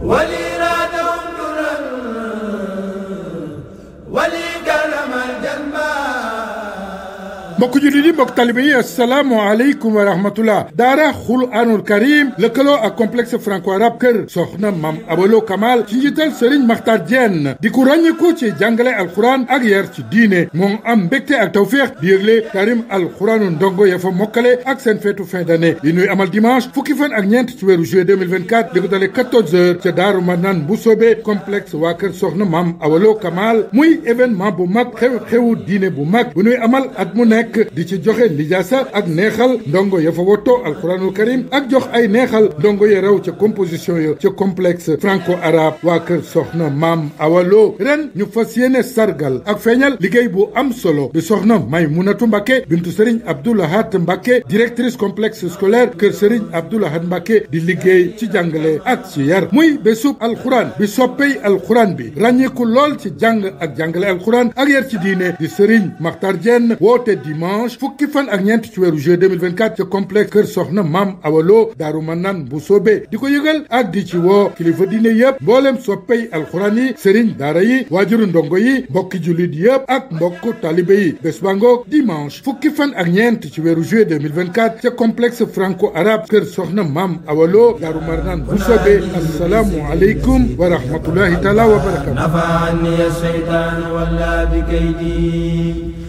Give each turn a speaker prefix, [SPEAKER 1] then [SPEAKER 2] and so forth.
[SPEAKER 1] wali mbokk jullit yi mbokk talibe yi asalaamaaleykum wa rahmatullah daara xuraanul karim lëkkaloo ak complexe franco arabe kër soxna mam abalo kamal ci njiital sëriñ maxtar jenn di ku ràññeeku ci jàngale alquran ak yar ci diine moom am mbégte ak tawféex di yëgle tarim alquraanu ndongo ya fa mokkale ak seen feetu fin d'année yi ñuy amal dimanche fukki fan ak ñeent ci weeru juillet 2024 di ko dalee 14 heures ca daaru manaan bu soobee complexe waa kër soxna mam abalo kamal muy événement bu mag xew diine bu mag bu ñuy amal at mu nekk nekk di ci joxe lijaasa ak neexal ndongo ya fa woto alquranul karim ak jox ay neexal ndongo ya raw ca composition ya ca complexe franco arabe waa kër soxna maam awalo ren ñu fas yéene sargal ak feeñal liggéey bu am solo bi soxna may munatu mbàkke bintu sëriñ abdoulahat mbàkke directrice complexe scolaire kër sëriñ abdoulahat mbàkke di liggéey ci jàngale ak ci yar muy bésub alquran bi soppey alquran bi ràññiku lool ci jàng ak jàngale alquran ak yar ci dimanche fukki fan ak ñeent ci weeru juillet 2024 ca complexe kër soxna maam awaloo daaru manaan bu soobee di ko yëgal ak di ci woo kilifa diine yëpp mbooleem soppey alxuraan yi sëriñ daara yi waajuru ndongo yi mbokki jullit yëpp ak mbokk taalibé yi bés bangoog dimanche fukki fan ak ñeent ci weeru juillet 2024 ca complexe franco arabe kër soxna maam awaloo daaru manaan bu soobee assalaamu aleykum wa rahmatullahi taala wa barakatu